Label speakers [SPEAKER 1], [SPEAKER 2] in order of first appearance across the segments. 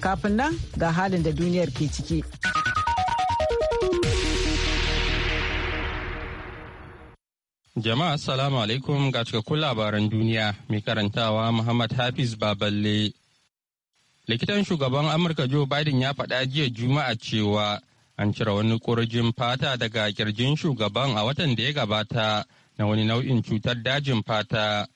[SPEAKER 1] Kafin nan ga halin da duniyar ke ciki.
[SPEAKER 2] Jama'a Assalamu alaikum ga cikakkun labaran duniya mai karantawa Muhammad Hafiz Baballe. Likitan shugaban Amurka Joe Biden ya faɗa jiya Juma'a cewa an cire wani ƙurjin fata daga kirjin shugaban a watan da ya gabata na wani nau'in cutar dajin fata.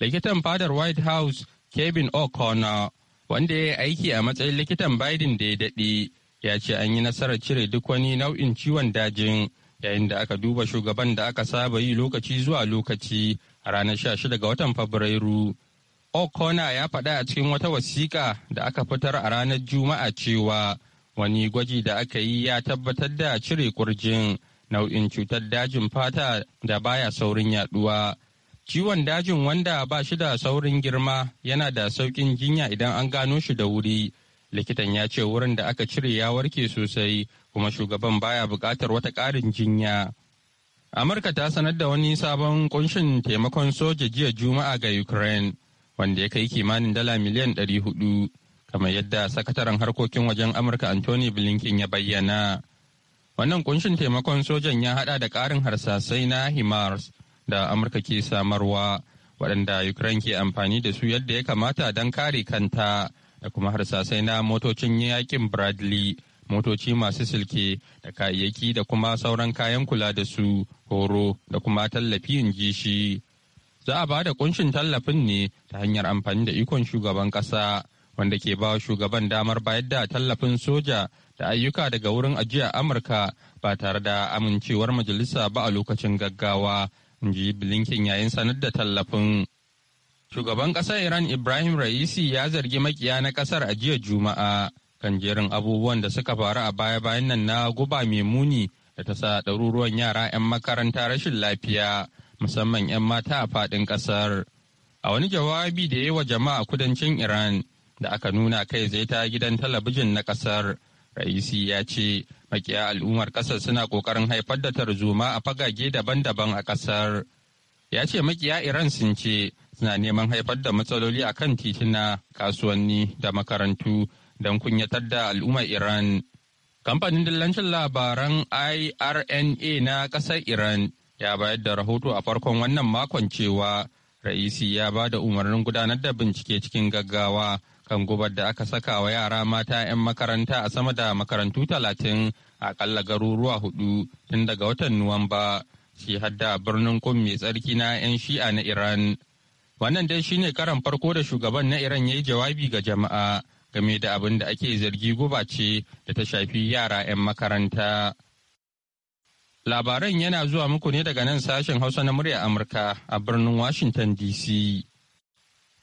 [SPEAKER 2] Likitan fadar White House Kevin O'Connor wanda ya yi aiki a matsayin likitan Biden da ya daɗe, ya ce an yi nasarar cire duk wani nau'in ciwon dajin yayin da aka duba shugaban da aka saba yi lokaci zuwa lokaci a ranar 16 ga watan Fabrairu. O'Connor ya faɗa a cikin wata wasiƙa da aka fitar a ranar Juma'a cewa wani gwaji da aka yi ya tabbatar da cire kurjin nau'in cutar dajin fata da baya saurin yaduwa Ciwon dajin wanda ba shi da saurin girma yana da sauƙin jinya idan an gano shi da wuri. Likitan ya ce wurin da aka cire ya warke sosai kuma shugaban baya buƙatar wata ƙarin jinya. Amurka ta sanar da wani sabon ƙunshin taimakon soja jiya Juma'a ga Ukraine wanda ya kai kimanin dala miliyan hudu kamar yadda sakataren harkokin wajen Amurka Anthony Blinken ya bayyana. Wannan ƙunshin taimakon sojan ya haɗa da ƙarin harsasai na HIMARS da amurka ke samarwa waɗanda ukraine ke amfani da su yadda ya kamata don kare kanta da kuma harsasai na motocin yakin bradley motoci masu silke da kayayyaki da kuma sauran kayan kula da su horo da kuma tallafi in ji shi za a ba da kunshin tallafin ne ta hanyar amfani da ikon shugaban ƙasa wanda ke ba shugaban damar bayar da tallafin soja da ayyuka daga wurin ajiya amurka ba tare da amincewar majalisa ba a lokacin gaggawa in ji Blinken yayin sanar da tallafin. Shugaban ƙasar Iran Ibrahim Raisi ya zargi makiya na ƙasar a jiya Juma'a kan jerin abubuwan da suka faru a baya-bayan nan na guba mai muni da ta sa ɗaruruwan yara 'yan makaranta rashin lafiya musamman 'yan mata a faɗin ƙasar. A wani jawabi da ya yi wa jama'a kudancin Iran da aka nuna kai zai ta gidan talabijin na ƙasar Raisi ya ce makiya al'ummar ƙasar suna ƙoƙarin haifar da tarzoma a fagage daban-daban a ƙasar. Ya ce makiya Iran sun ce suna neman haifar da matsaloli a kan titina, kasuwanni da makarantu don kunyatar da al'ummar Iran. Kamfanin dillancin labaran IRNA na ƙasar Iran ya bayar da rahoto a farkon wannan makon cewa Raisi ya ba da umarnin gudanar da bincike cikin gaggawa kan gubar da aka saka wa yara mata 'yan makaranta a sama da makarantu talatin akalla garuruwa hudu tun daga watan Nuwamba shi hadda birnin kum mai tsarki na 'yan shi'a na Iran. Wannan dai shi ne karan farko da shugaban na Iran ya yi jawabi ga jama'a game da abin da ake zargi guba ce da ta shafi yara 'yan makaranta. Labaran yana zuwa muku ne daga nan sashen Hausa na murya Amurka a birnin Washington DC.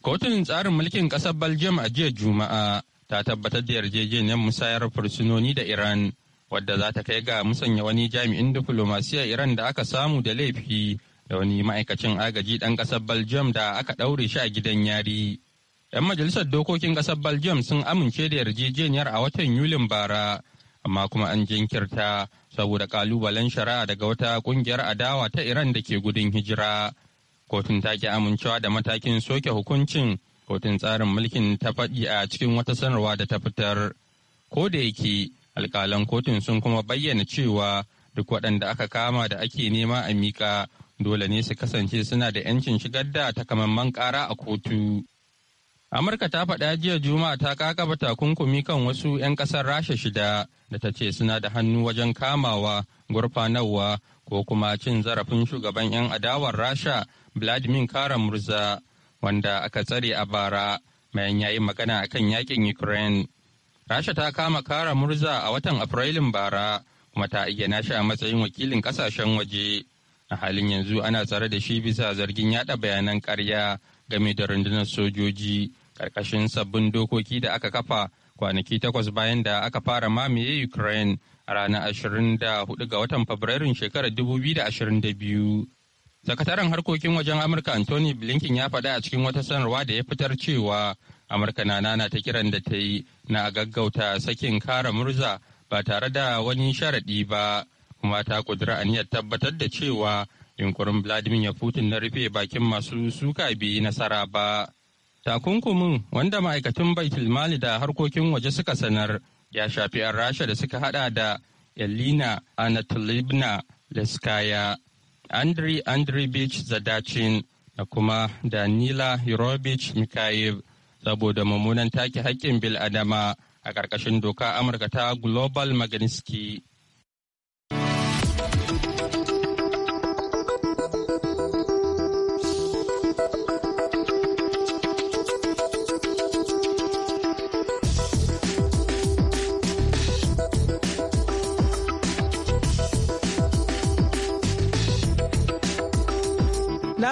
[SPEAKER 2] Kotun tsarin mulkin ƙasar Belgium a jiya Juma'a ta tabbatar da yarjejeniyar musayar fursunoni da Iran wadda za ta kai ga musanya wani jami'in diflomasiyar Iran da aka samu da laifi da wani ma'aikacin agaji ɗan ƙasar Belgium da aka ɗaure shi a gidan yari. 'Yan majalisar dokokin ƙasar Belgium sun amince da yarjejeniyar a watan Yulin bara, amma kuma an jinkirta saboda kalubalen shari'a daga wata ƙungiyar adawa ta Iran da ke gudun hijira. kotun ta ki amincewa da matakin soke hukuncin kotun tsarin mulkin ta faɗi a cikin wata sanarwa da ta fitar ko da yake alƙalan kotun sun kuma bayyana cewa duk waɗanda aka kama da ake nema a miƙa dole ne su kasance suna da 'yancin shigar da takamaiman ƙara a kotu amurka ta faɗa jiya juma'a ta kakaba takunkumi kan wasu 'yan ƙasar rasha shida da ta ce suna da hannu wajen kamawa gurfanarwa ko kuma cin zarafin shugaban 'yan adawar rasha vladimir kara murza wanda aka tsare a bara bayan yayi magana a kan yakin ukraine rasha ta kama kara murza a watan afrilun bara kuma ta ayyana shi a matsayin wakilin kasashen waje a halin yanzu ana tsare da shi bisa zargin yada bayanan karya game da rundunar sojoji karkashin sabbin dokoki da aka kafa kwanaki takwas bayan da aka fara mamaye ukraine a ranar 24 ga watan fabrairun shekarar 2022 Sakataren harkokin wajen Amurka Anthony Blinken ya faɗa a cikin wata sanarwa da ya fitar cewa Amurka na nana ta kiran da ta yi na gaggauta sakin kara murza ba tare da wani sharaɗi ba kuma ta kudura aniyar tabbatar da cewa yunkurin Vladimir ya Putin na rufe bakin masu suka biyu nasara ba. Takunkumin wanda ma'aikatan Baitul Mali da harkokin waje suka sanar ya shafi 'yan Rasha da suka hada da Elina anatolibna Leskaya andre Andribich Zadachin da kuma Danila Yorobich Mikhail saboda mummunan take haƙƙin bil'adama a ƙarƙashin doka Amurka ta Global Magnitsky.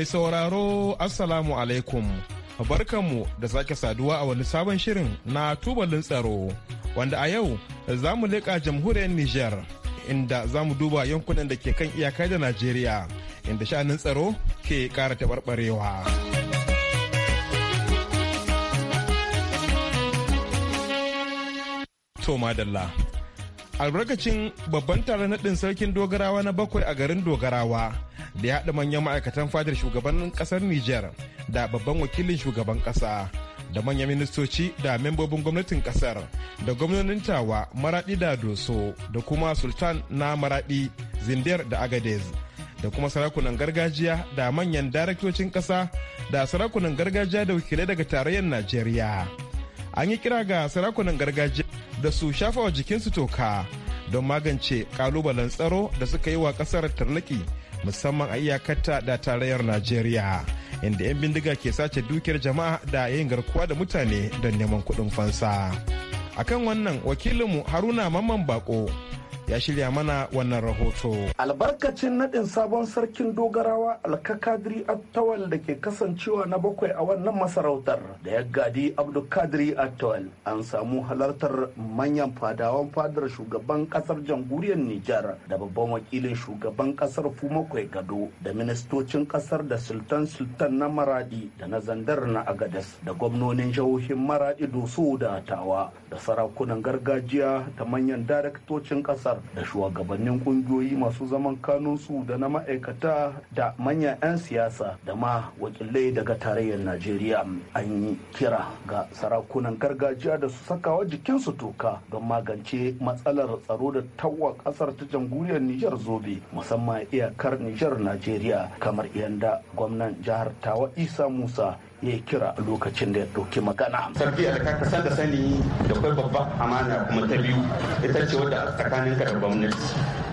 [SPEAKER 3] Mai sauraro Assalamu alaikum. Barkanmu da sake saduwa a wani sabon shirin na tubalin tsaro wanda a yau za mu leƙa jamhuriyar niger inda za mu duba yankunan da ke kan iyaka da Najeriya inda sha'anin tsaro ke ƙara taɓarɓarewa. To madalla. Albarkacin babban taron naɗin sarkin dogarawa na bakwai a garin dogarawa. da ya haɗa manyan ma'aikatan fadar shugaban ƙasar Nijar da babban wakilin shugaban ƙasa da manyan ministoci da membobin gwamnatin ƙasar da gwamnonin tawa maraɗi da doso da kuma sultan na maraɗi zindiyar da agadez da kuma sarakunan gargajiya da manyan daraktocin ƙasa da sarakunan gargajiya da wakilai daga tarayyar Najeriya. An yi kira ga sarakunan gargajiya da su shafa wa jikinsu toka don magance ƙalubalen tsaro da suka yi wa ƙasar tarnaki musamman a iyakarta da tarayyar najeriya inda 'yan bindiga ke sace dukiyar jama'a da yin garkuwa da mutane don neman kuɗin fansa akan wannan wakilinmu haruna mamman bako ya shirya mana wannan rahoto. Albarkacin naɗin sabon
[SPEAKER 4] sarkin dogarawa alkakadiri attawal da ke kasancewa na bakwai a wannan masarautar da ya gadi abdulkadiri attawal an samu halartar manyan fadawan fadar shugaban kasar jamhuriyar Nijar da babban wakilin shugaban kasar Fumakwai Gado da ministocin kasar da sultan sultan na Maradi da na Zandar na Agadas da gwamnonin jihohin Maradi Doso da Tawa da sarakunan gargajiya ta manyan daraktocin kasar da shugabannin kungiyoyi masu zaman kanunsu da na ma'aikata da manyan 'yan siyasa da ma wakilai daga tarayyar najeriya an yi kira ga sarakunan gargajiya da su sakawa jikinsu toka don magance matsalar tsaro da tawa kasar ta jamhuriyar nijar zobe musamman iyakar nijar najeriya kamar yadda gwamnan jihar tawa isa musa ya kira a lokacin da ya ɗauki magana.
[SPEAKER 5] Sarki ka san da sani da kwai babba amana kuma ta biyu ita ce wadda tsakaninka da gwamnati.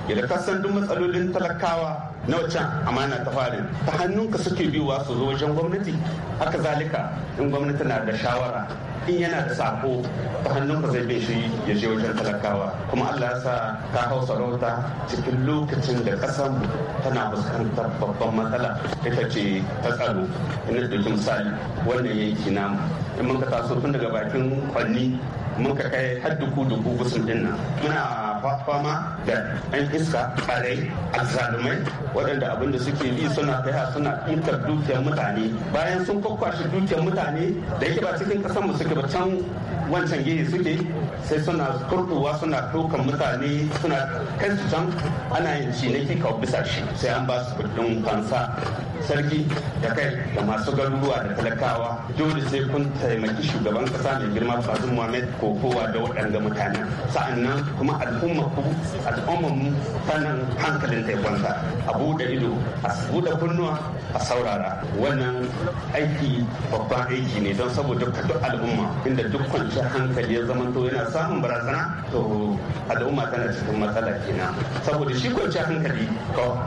[SPEAKER 5] idan ka san duk matsalolin talakawa na wacan amana ta fari ta ka suke biyuwa su zo wajen gwamnati haka zalika in gwamnati na da shawara in yana da sako ta hannunka zai bai shi ya je wajen talakawa kuma allah sa ka hau sarauta cikin lokacin da kasan tana fuskantar babban matsala ita ce ta tsaro ina da misali wannan yanki namu in muka taso tun daga bakin kwanni muka kai har duku duku gusun dinnan muna fama da 'yan iska ɓarai alzalumai waɗanda abin da suke bi suna kaiha suna ɗinkar dukiyar mutane bayan sun kwakwashe dukiyar mutane da yake ba cikin ƙasar mu suke ba can wancan gini suke sai suna kurɗuwa suna ɗaukan mutane suna kai su can ana yin ciniki ka bisa shi sai an ba su kuɗin fansa sarki da kai da masu garuruwa da talakawa dole sai kun taimaki shugaban kasa mai girma bazin muhammed ko kowa da waɗanda mutane sa'annan kuma al'umma ku al'umma mu fannin hankalin taifanta a buɗe ido a buɗe kunnuwa a saurara wannan aiki babban aiki ne don saboda duk al'umma inda duk kwanciyar hankali ya zama to yana samun barazana to al'umma tana cikin matsala kenan saboda shi kwanciyar hankali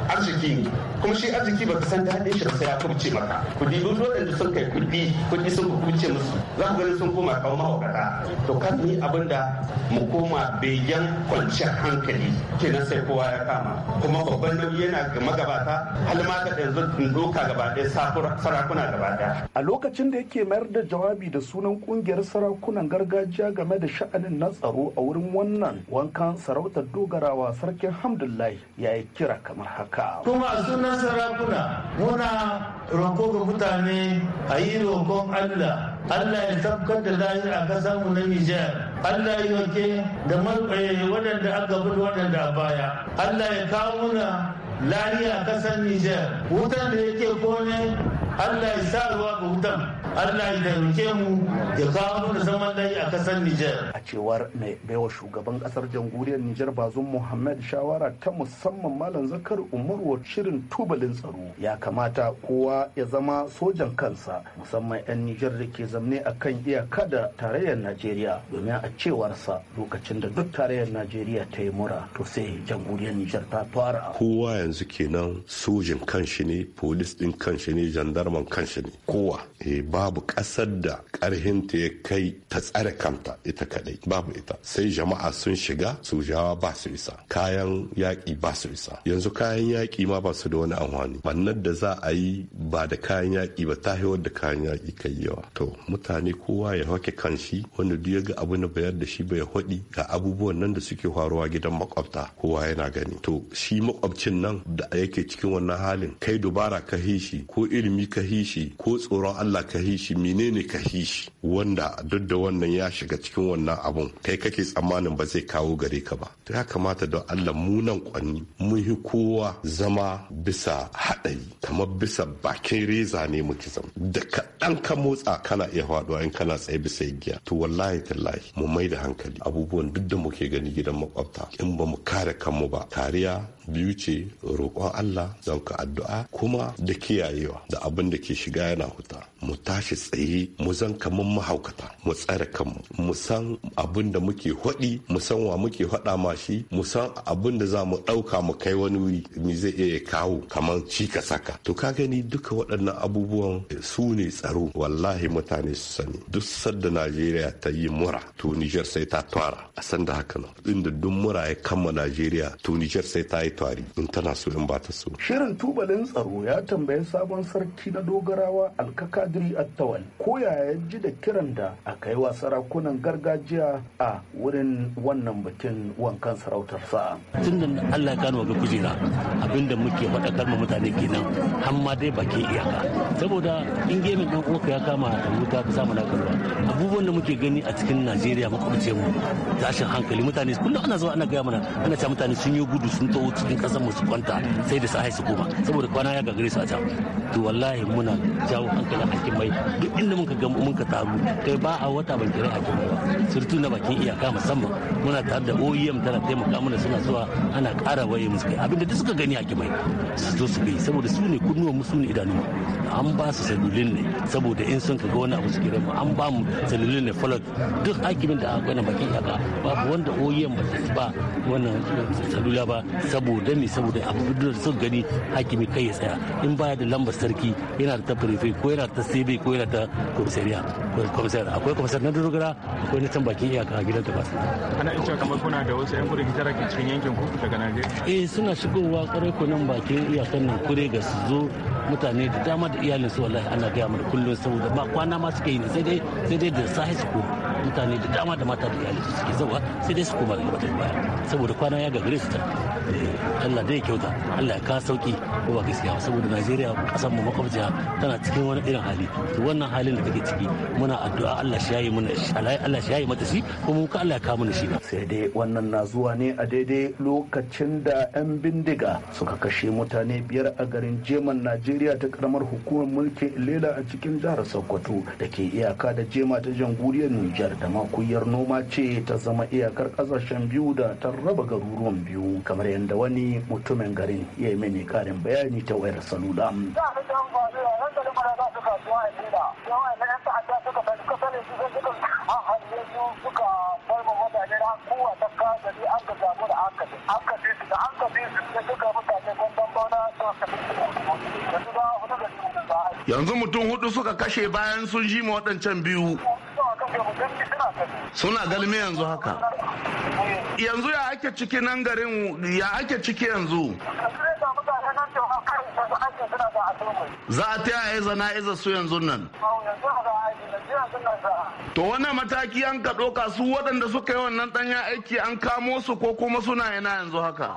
[SPEAKER 5] arziki ne kuma shi arziki ba ka san da daɗin shi sai ya kubce maka kudi duk waɗanda sun kai kuɗi kuɗi sun kubce musu za ku gani sun koma kawo mahaukata to kan ni abin da mu koma begen kwanciyar hankali kenan sai kowa ya kama kuma babban nauyi yana ga magabata har ma ka yanzu doka gaba ɗaya sarakuna gaba
[SPEAKER 4] a lokacin da yake mayar da jawabi da sunan ƙungiyar sarakunan gargajiya game da sha'anin na tsaro a wurin wannan wankan sarautar dogarawa sarkin hamdullahi ya yi kira kamar haka. kuma sunan sarakuna mu muna roƙo ga mutane a yi roƙon Allah Allah ya tabbatar da lahir a ƙasa mu na Nijar Allah ya yake da malɓaye eh, waɗanda aka bi waɗanda a baya Allah ya kawo muna a ƙasar Nijar wutan da yake kone Allah ya sa ruwa ga hutan Allah ya taimake mu ya kawo da zaman dai a kasar Nijar. A cewar mai baiwa shugaban kasar jamhuriyar Nijar Bazum Muhammad shawara ta musamman Malam Zakar Umaru shirin tubalin tsaro ya kamata kowa ya zama sojan kansa musamman 'yan Nijar da ke zamne a kan iyaka da tarayyar Najeriya domin a cewarsa lokacin da duk tarayyar Najeriya ta yi mura to sai jamhuriyar Nijar ta fara.
[SPEAKER 6] Kowa yanzu kenan sojin kanshi ne, polis din kanshi ne, jandar harman kanshi ne kowa eh, babu ƙasar da ƙarhinta ya kai ta tsare kanta ita kadai babu ita sai jama'a sun shiga sojawa ba su isa kayan yaƙi ba su isa yanzu kayan yaƙi ma ba su da wani amfani bannan da za a yi ba da kayan yaƙi ba ta haihuwar da kayan yaƙi kai yawa to mutane kowa ya hake kanshi wanda duk ya ga abu na bayar da shi bai hodi ga abubuwan nan da suke faruwa gidan makwabta kowa yana gani to shi makwabcin nan da yake cikin wannan halin kai dubara ka shi ko ilimi ka hishi ko tsoron Allah ka hishi menene ka hishi wanda duk da wannan ya shiga cikin wannan abun kai kake tsammanin ba zai kawo gare ka ba to ya kamata don Allah mu nan kwanni mun yi kowa zama bisa haɗari kamar bisa bakin reza ne muke zama da kaɗan ka motsa kana iya faɗuwa in kana tsaye bisa igiya to wallahi tallahi mu mai da hankali abubuwan duk da muke gani gidan makwabta in ba mu kare kanmu ba kariya biyu ce roƙon Allah ka addu'a kuma da kiyayewa da abin da ke shiga yana huta mu tashi tsaye mu zan kamar mahaukata mu tsare kanmu mu san abin da muke hwaɗi mu san wa muke hwaɗa ma shi mu san abin da za mu ɗauka mu kai wani wuri mi zai iya kawo kamar ci ka saka to ka gani duka waɗannan abubuwan su ne tsaro wallahi mutane su sani duk sadda Najeriya ta yi mura to Nijar sai ta tara a san da haka nan inda duk mura ya kama Najeriya to Nijar sai ta yi tari in tana so in ba ta so.
[SPEAKER 4] Shirin tubalin tsaro ya tambayi sabon sarki na dogarawa alkakadiri attawal ko ya ji da kiran da a kai wa sarakunan gargajiya a wurin wannan bikin wankan sarautar sa.
[SPEAKER 7] Tun da Allah ya gano ga kujera
[SPEAKER 4] abinda muke faɗakar ma mutane
[SPEAKER 7] kenan har ma dai baki iyaka saboda in gemin ɗan ya kama da wuta ka samu na karuwa abubuwan da muke gani a cikin Najeriya makwabce mu tashin hankali mutane kullum ana zuwa ana gaya mana ana cewa mutane sun yi gudu sun tawo in kasan mu su kwanta sai da sahai su koma saboda kwana ya gagare su a can to wallahi muna jawo hankalin mai duk inda muka ga mun ka taru kai ba a wata ban kira hakimai ba surtu na bakin iyaka musamman muna tare da OEM tana taimaka mana suna zuwa ana ƙara waye musu kai abinda duk suka gani mai su zo su bi saboda su ne kunnuwan mu su ne idanu an ba su sanulin ne saboda in sun ka ga wani abu su kira mu an ba mu sanulin ne falot duk hakimin da aka na bakin iyaka ba wanda OEM ba ba wannan salula ba saboda ne saboda abu da sun gani hakimi kai ya tsaya in baya da lambar sarki yana da ta prefe ko yana ta sebe ko yana ta komisariya akwai komisar na dogara akwai na can bakin iyaka a gidan gabas ana iya kamar kuna da wasu
[SPEAKER 5] yan gudun tara ke cikin yankin ku daga Najeriya
[SPEAKER 7] eh suna shigowa kwarai ko nan bakin iyakan nan kure ga su zo mutane da dama da iyalin su wallahi ana gaya mana kullum saboda ba kwana ma suke yi sai dai sai dai da sahi su ko mutane da dama da mata da iyali su suke zawa sai dai su koma ga gabatar baya saboda kwana ya gagare su ta eh, Allah dai ya kyauta Allah ya kawo sauki ko ba gaskiya saboda Najeriya kasan mu makwabciya tana cikin wani irin hali to wannan halin da kake ciki muna
[SPEAKER 4] addu'a Allah shi yayi mana Allah shi yayi mata shi kuma ka Allah ya kawo mana shi sai dai wannan na zuwa ne a daidai lokacin da 'yan bindiga suka kashe mutane biyar a garin jeman najeriya ta karamar hukumar mulkin lela a cikin jihar sokoto da ke iyaka da jema ta jamhuriyar nijar iyakar da makuyar noma ce ta zama iyakar kasashen biyu da ta raba garuruwan biyu kamar yadda wani mutumin garin ya yi mini karin bayani ta wayar salula. yanzu mutum hudu suka kashe bayan sun ji ma waɗancan biyu suna galmi yanzu haka yanzu ya ake ciki nan garin ya ake ciki yanzu za a ta yaya zana iza su yanzu nan to wannan mataki an ka ɗauka su waɗanda suka yi wannan ɗanya aiki an kamo su ko kuma suna yana yanzu haka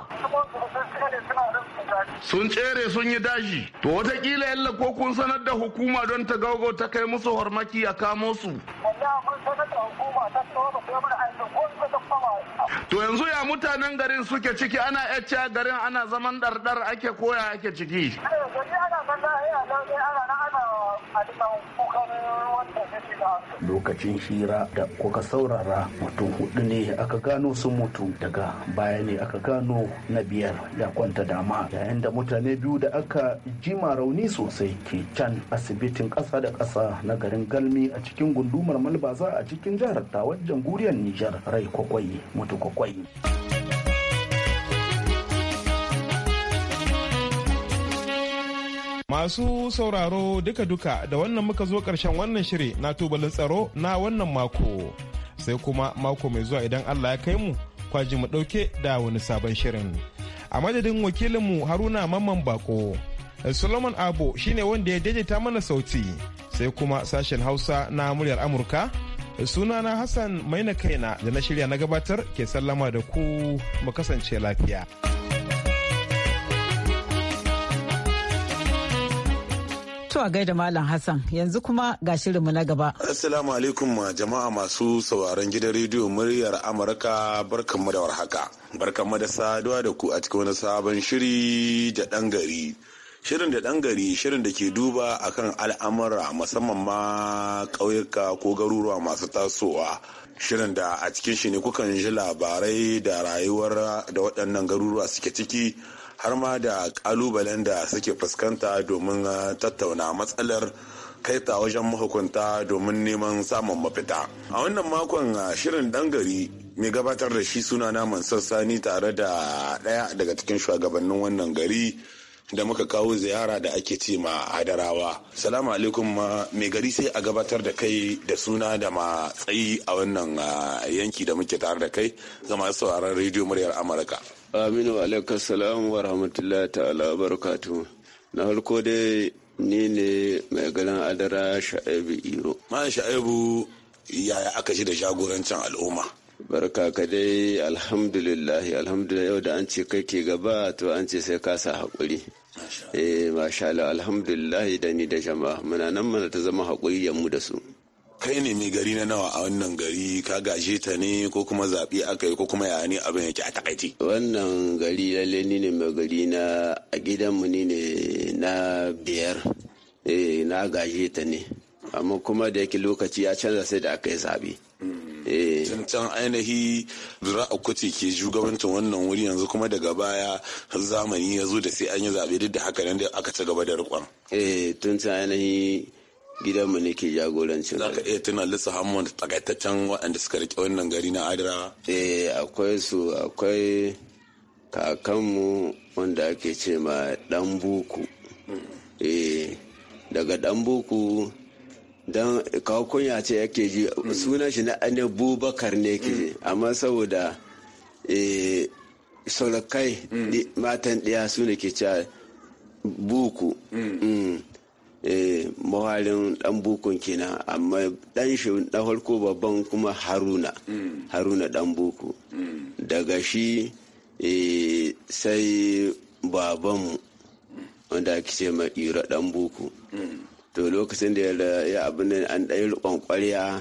[SPEAKER 4] sun tsere sun yi dashi to watakila yalla ko kun sanar da hukuma don ta gago ta kai musu hormaki a kamo su to yanzu ya mutanen garin suke ciki ana yacca garin ana zaman dardar ake koya ake ciki eh,
[SPEAKER 5] ana
[SPEAKER 4] lokacin hira da kuka saurara mutum hudu ne aka gano sun mutu daga baya ne aka gano na biyar ya kwanta dama yayin da mutane biyu da aka jima rauni sosai ke can asibitin ƙasa da ƙasa na garin galmi a cikin gundumar malbaza a cikin jihar tawajen guriyar nijar rai kwakwai mutu kwakwai.
[SPEAKER 3] Masu sauraro duka-duka da wannan muka zo ƙarshen wannan shiri na tubalin tsaro na wannan mako. Sai kuma mako mai zuwa idan Allah ya kai mu kwaji mu ɗauke da wani sabon shirin. A madadin wakilinmu Haruna Mamman Bako, Solomon abu shine wanda ya daidaita mana sauti. Sai kuma sashen Hausa na muryar Amurka. Sunana Hassan Maina Kaina da na shirya na gabatar ke sallama da ku mu kasance lafiya.
[SPEAKER 1] To a gaida Malam Hassan yanzu kuma ga shirinmu na gaba. Assalamu
[SPEAKER 8] alaikum jama'a masu sauraron gidan rediyo muryar Amurka barkanmu da warhaka. Barkanmu da saduwa da ku a cikin wani sabon shiri da ɗan gari. Shirin da ɗan gari shirin da ke duba akan al'amura musamman ma ƙauyuka ko garuruwa masu tasowa. Shirin da a cikin shi ne kukan ji labarai da rayuwar da waɗannan garuruwa suke ciki har ma da kalubalen da suke fuskanta domin uh, tattauna matsalar kai ta wajen mahukunta domin neman samun mafita a wannan makon uh, shirin dan gari mai gabatar da shi suna naman sassani tare da ɗaya daga cikin shugabannin wannan gari da muka kawo ziyara da ake ce ma adarawa salamu alaikum uh, mai gari sai a gabatar da kai da suna da matsayi a wannan yanki da muke tare da kai ga masu sauraron rediyo muryar amurka Aminu alaikar salam wa rahmatullahi ta'ala barakatu. Na harko dai ni ne mai ganin adara sha'ibu iro. Man sha'ibu yaya aka shi da jagorancin al'umma? Barka ka dai alhamdulillahi alhamdulillah yau da an ce kai ke gaba to an ce sai ka sa haƙuri. Eh masha Allah alhamdulillahi da ni da jama'a muna nan mana ta zama haƙuri yammu da su. kai ne mai gari na nawa a wannan gari ka gaje ta ne ko kuma zaɓe aka yi ko kuma ya ne abin yake a takaiti. wannan gari lalle ni ne mai gari na a gidanmu ni ne na biyar eh, na gaje ta ne amma kuma da yake lokaci ya canza sai da aka yi zaɓe. Hmm. Eh. can ainihi a kuti ke shugabancin wannan wuri yanzu kuma daga baya zamani ya zo da sai an yi zaɓe duk da haka nan da aka ci gaba da riƙon. eh tun ainihi gidanmu ne ke jagorancin za ka iya tuna lissa hamman takaitaccen waɗanda suka riƙe wannan gari na adira eh akwai su akwai kakanmu wanda ake ce ma ɗan buku hmm. eh daga ɗan buku don kawakunya ce yake ji hmm. suna shi na ne bubakar ne ke hmm. amma saboda eh, solokai matan ɗaya su ne ke cewa buku Eh, mawarin dan bukun kenan amma dan shi na farko babban kuma haruna mm. haruna dan buku mm. daga shi eh, sai babanmu wanda ake ce ma ira dan buku mm. to lokacin da ya abin da an ɗaya rikon ƙwarya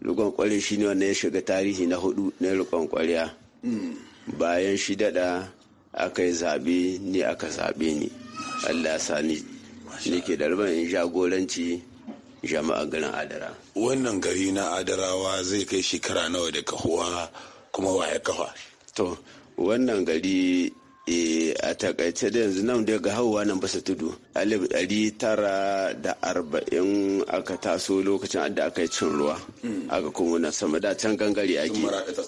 [SPEAKER 8] rikon shi ne wanda ya shiga tarihi na hudu na rikon kwarya bayan shi dada, aka yi zaɓe ni aka zaɓe ni allah sani da ke da in jagoranci jama'a garin adara wannan gari na adarawa zai kai shekara nawa da kahuwa kuma waya kafa to wannan gari Eh, a takaice da yanzu nan daga hauwa nan basa tudu alif ɗari tara da arba'in aka taso lokacin da aka yi cin ruwa aka kuma na sama da can gangare ake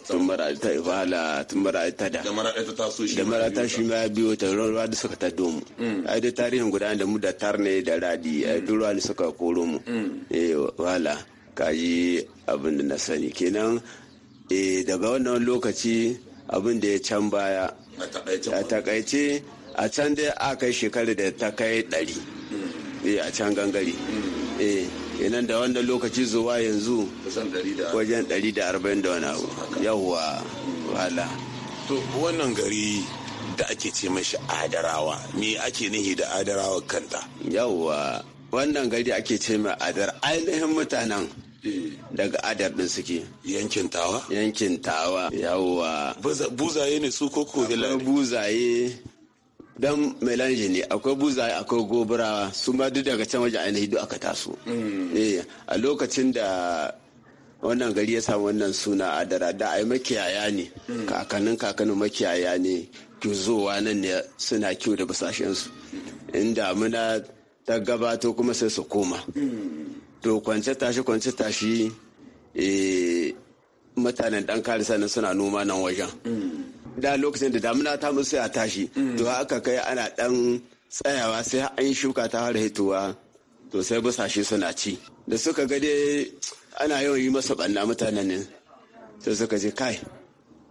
[SPEAKER 8] tun mara ta ibala tun mara ta da da mara ta shi ma biyo ta ruwa da suka ta domu mm. ai da tarihin guda da mu da tarne da radi a mm. duk ruwa da suka koro mu mm. e eh, wala yi abin da na sani kenan eh, daga wannan lokaci abin da ya can baya a takaice a can dai a kai shekarar da ta kai ɗari hmm. eh, a can gangare inan hmm. eh, da wanda lokaci zuwa yanzu wajen ɗari da arba'in da wani abu yawwa wala to wannan gari da ake ce mashi adarawa me ake nihi da adarawa kanta yawwa wannan gari ake ce mai adar ainihin mutanen Eh. daga adar din suke yankin tawa yankin tawa yawwa buzaye ne su koko buzaye don melange ne akwai buzaye akwai gobara su ma duk daga can waje ainihi duk aka taso hmm. eh, a lokacin da wannan gari ya samu wannan suna adara da ai makiyaya ne hmm. kakannin kakannin makiyaya ne kizowa nan ne suna kiwo da basashensu hmm. Inda muna ta gabato kuma sai su koma to kwance tashi kwance tashi eh, mutanen dan karisa nan suna noma nan wajen mm. da lokacin da damuna ta musu ya tashi mm. to haka kai ana dan tsayawa sai an shuka ta har hituwa to sai busashe suna ci da suka ga ana yawan yi masa banna mutanen ne sai suka je kai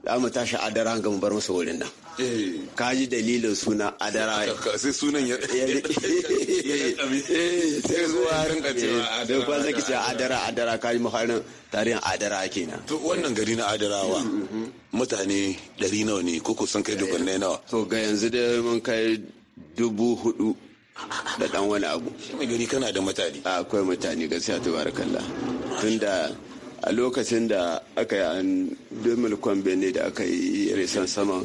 [SPEAKER 8] za mu tashi adara hanga mu bar musu wurin nan eh. ka ji dalilin suna adara sai sunan ya eh, sai zuwa eh, rinka cewa adara ba zaki ce adara adara ka ji mafarin tarihin adara kenan to wannan gari na adarawa mm, mm, mm. mutane ɗari nawa ne ko san kai dubannai nawa to ga yanzu da mun kai dubu hudu da dan wani abu mai gari kana da mutane akwai mutane gaskiya tabarakallah tunda a lokacin da aka yi an domin kwambe da aka yi resan sama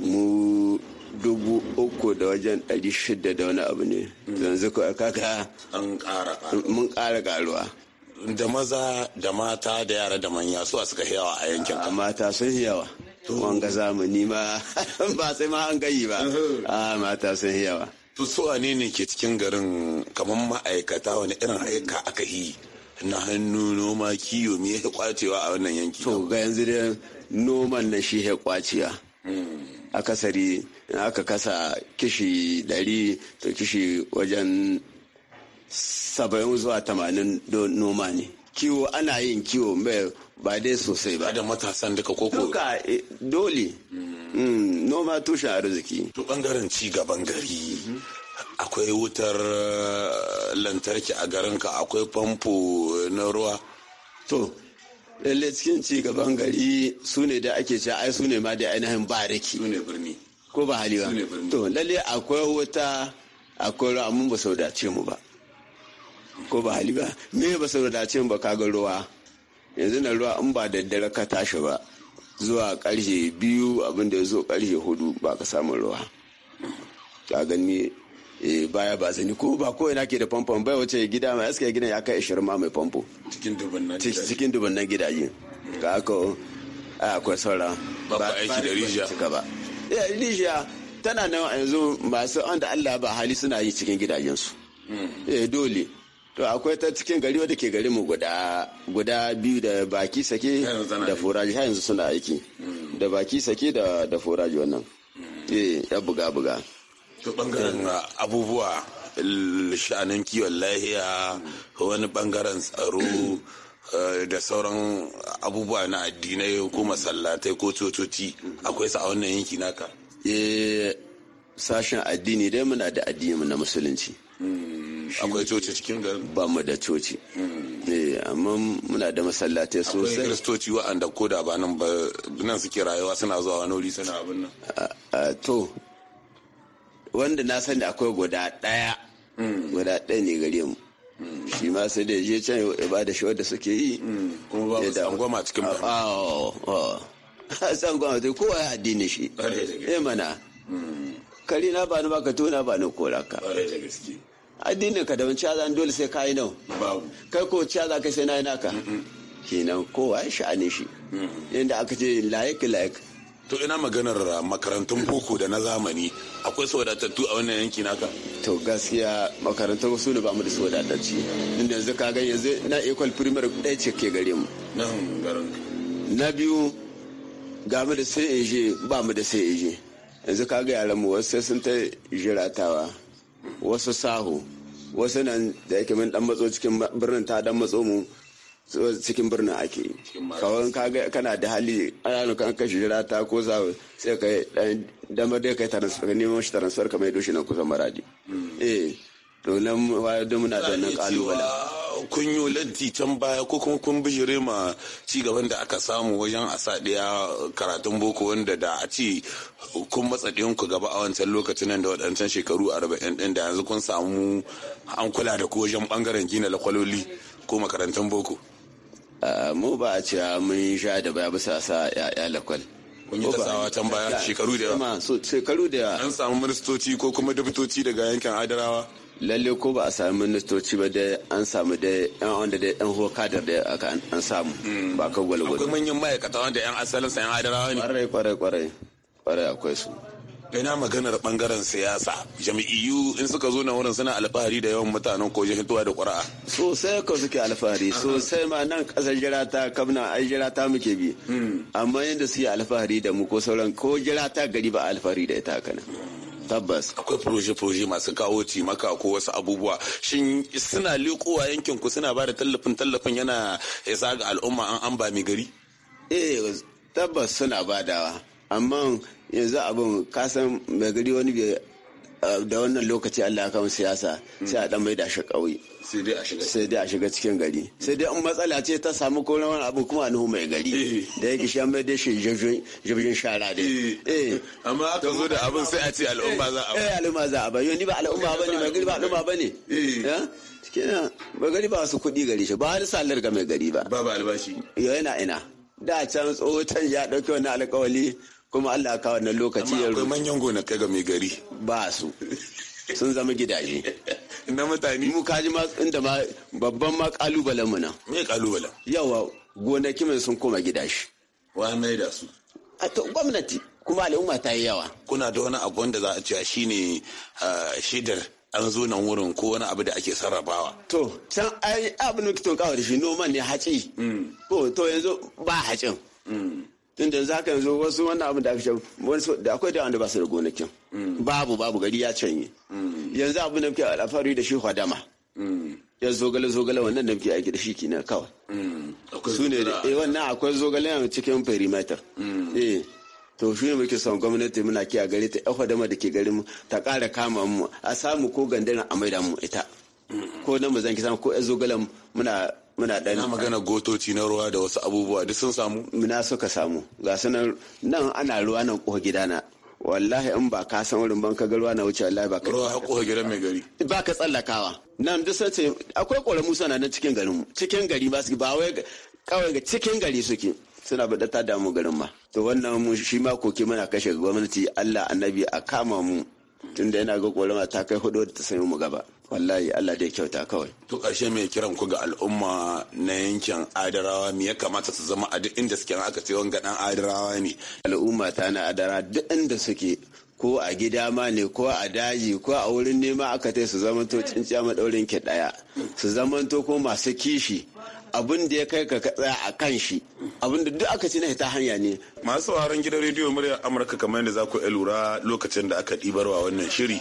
[SPEAKER 8] mu dubu uku da wajen ɗari shida da wani abu ne yanzu ko kaka an ƙara mun ƙara ƙaruwa da maza da mata da yara da manya su a suka yawa a yankin a mata sun yawa wanga zamani ma ba sai ma an gayi ba uh-huh. a mata sun yawa to su ne ke cikin garin kamar ma'aikata wani irin aika aka yi na hannu noma kiwo me ya kwacewa a wannan yanki to ga yanzu da noman na shi ya kwaciya hmm. akasari aka kasa kishi dari to kishi wajen saba'in zuwa tamanin noma ne kiwo ana yin kiwo mai ba dai sosai ba da matasan duka koko duka eh, dole hmm. Hmm, noma tushen arziki to bangaren ci gaban gari mhm. akwai wutar eh, lantarki a garinka akwai famfo na ruwa to lalle cikin ci gaban gari su ne da ake cewa ai su ne ma da ainihin bariki su ne birni ko ba hali ba to lalle akwai wuta akwai ruwa mun ba sau dace mu ba ko ba hali ba me ba sau dace mu ba kaga ruwa yanzu na ruwa in ba daddare ka tashi ba zuwa karshe biyu abinda ya zo karshe hudu ba ka samu ruwa ka gani Eh, baya ba zani ko ba ko ina ke da famfon bai wace gida ma aska gidan ya kai 20 ma mai famfo cikin dubannan gidaje ga a akwai saura ba aiki da rijiya ba eh, rijiya tana nan yanzu masu da Allah ba hali suna yi cikin gidajensu hmm. eh dole to akwai ta cikin gari wanda ke gari mu guda guda biyu da baki sake da foraji yanzu suna aiki hmm. da baki sake da da foraji wannan hmm. eh ya buga buga to bangaren eh. uh, abubuwa sha'anin kiwon lahiya wani bangaren tsaro uh, da sauran abubuwa na addinai ko masallatai ko cococi akwai sa a wannan yanki naka eh, sashen addini dai muna da addini na musulunci hmm, akwai coci cikin garin ba mu da coci hmm. eh, amma muna da masallatai sosai akwai kristoci wa'anda ko da nan ba nan suke rayuwa suna zuwa wani wuri suna abin nan to wanda na sani akwai guda ɗaya guda ɗaya ne gare mu shi ma sai da je can ya ba da shawar da suke yi kuma ba tsangwama cikin ba goma ta kowa ya addini shi ya eh, mana kari na ba ni ba ka tona ba ni kora ka addinin ka da wani caza dole sai ka yi nau kai ko caza kai sai na yi naka kenan kowa ya sha'ani shi yadda aka ce layik layik to ina maganar makarantun boko da na zamani akwai su wadatattu a wannan yanki naka to gaskiya makarantun su ne ba mu da su wadatacci inda yanzu ka ga yanzu na equal primary ɗaya ce ke gare mu na biyu ga mu da sai eje ba mu da sai eje yanzu ka ga yaran mu wasu sun ta jiratawa wasu sahu wasu nan da yake min dan matso cikin birnin ta dan matso mu cikin birnin ake kawai kana da hali ana nukan kashi jira ta ko za sai ka damar da kai transfer ka neman shi transfer ka mai doshi nan kusan maradi hmm. eh to nan wa da muna da nan kalubala kun yi ladi can baya ko kuma kun bijire ma ci gaban da aka samu wajen a sa daya karatun boko wanda da a ci kun matsa ku gaba a wancan lokacin nan da wadancan shekaru arba'in ɗin da yanzu kun samu an kula da ku wajen ɓangaren gina lakwaloli ko makarantun boko. mu ba a cewa mun sha da baya bisa sa ya'ya lakwal kun yi tasawa can baya shekaru da yawa shekaru da yawa an samu ministoci ko kuma dabitoci daga yankin adarawa lalle ko ba a samu ministoci ba dai an samu dai yan wanda dai yan hokadar da aka an samu hmm. ba ka gwalgwalo akwai manyan ma'aikata wanda yan asalin sa yan adarawa ne kwarai kwarai kwarai akwai su ina maganar bangaren siyasa jami'iyu in suka zo na wurin suna alfahari da yawan mutanen ko hituwa da ƙura'a sosai ko suke alfahari sosai ma nan ƙasar jira ta kamna ai jira ta muke bi hmm. amma yadda suke alfahari da mu ko sauran ko jira ta gari ba alfahari da ita kana tabbas akwai proje-proje masu kawo maka ko wasu abubuwa shin suna likowa yankin ku suna ba da tallafin tallafin yana isa ga al'umma an an ba mai gari eh tabbas suna badawa amma yanzu abin kasan mai gari wani da wannan lokaci Allah kan siyasa sai a dan mai da shi kauye sai dai a shiga cikin gari sai dai in matsala ce ta samu ko wani abu kuma nuhu mai gari eh. da yake shi mai da shi jirgin shara dai eh. eh amma aka zo da abin sai a ce al'umma za a ba eh, eh al'umma za a ba yau ni ba al'umma ne mai gari ba al'umma bane eh kenan mai gari ba su kuɗi gari shi ba har salar ga mai gari ba ba albashi yau yana ina da can tsohon ya ɗauki wani alƙawali kuma Allah ka wannan lokaci ya akwai manyan gonakai ga mai gari ba su sun zama gidaje na mutane mu kaji ma inda ma babban ma kalubalen mu nan me kalubalen yawa gonaki mai sun koma gidaje wa mai da su a to gwamnati kuma al'umma ta yi yawa kuna da wani abu wanda za a ce shine shidar an zo nan wurin ko wani abu da ake sarrafawa. To, can ai abin da kawar shi noman ne haci. Mm. To, to yanzu ba hacin. Mm. tun da yanzu haka yanzu wasu wannan abin da aka ce da akwai da wanda ba su da gonakin babu babu gari ya canye yanzu abin da muke alfahari da shi hadama ya zogale zogale wannan da muke aiki da shi kina kawai su ne da eh, wannan akwai zogale a cikin perimeter eh to shi ne muke son gwamnati muna kiya gare ta yan hadama da ke garin mu ta ƙara kama mu a samu ko gandana a maida mu ita ko na mu zan ki samu ko yan zogalen muna muna dan na magana gotoci na ruwa da wasu abubuwa duk sun samu muna suka samu ga sanan nan ana ruwa nan ko gidana wallahi in ba ka san wurin ban ka ga ruwa na wuce wallahi ba ka ruwa haƙo gidan mai gari ba ka tsallakawa nan duk ce, akwai ƙoramu na nan cikin garin mu cikin gari ba su ba wai kawai ga cikin gari suke suna bada ta damu garin ma to wannan mu shi ma koke muna kashe gwamnati Allah annabi a kama mu tunda yana ga ƙorama ta kai hudu da ta sanya mu gaba wallahi Allah da ya kyauta kawai to ƙarshe mai kiran ku ga al'umma na yankin adarawa me ya kamata su zama a duk inda suke aka ce wanga dan adarawa ne al'umma ta na adara duk inda suke ko a gida ma ne ko a daji ko a wurin nema aka ce su zamanto cinciya madaurin ki daya su zamanto ko masu kishi abin da ya kai ka tsaya a kan shi abin da duk aka ce na ta hanya ne masu sauraron gidan rediyo murya amurka kamar yadda za ku lura lokacin da aka ɗibarwa wannan shiri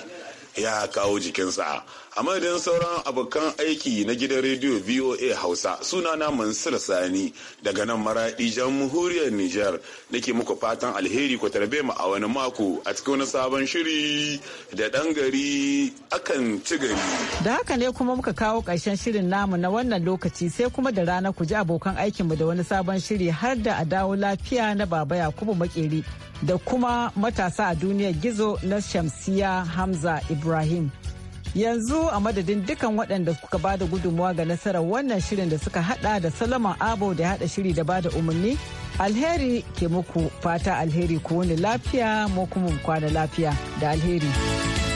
[SPEAKER 8] ya kawo jikinsa a madadin sauran abokan aiki na gidan rediyo voa hausa sunana mansur sani daga nan maraɗi jamhuriyar niger nake muku fatan alheri ku tarbe mu a wani mako a cikin wani sabon shiri da ɗan gari akan ci gari
[SPEAKER 1] da haka ne kuma muka kawo karshen shirin namu na wannan lokaci sai kuma da rana ku ji abokan aikin mu da wani sabon shiri har da a dawo lafiya na baba yakubu makeri da kuma matasa a duniyar gizo na shamsiya hamza ibrahim Ibrahim. Yanzu a madadin dukan waɗanda kuka ba da gudunmawa ga nasarar wannan shirin da suka haɗa da Salaman Abo da haɗa shiri da ba da umarni, alheri ke muku fata alheri ku wani lafiya mu kuma kwana lafiya da alheri.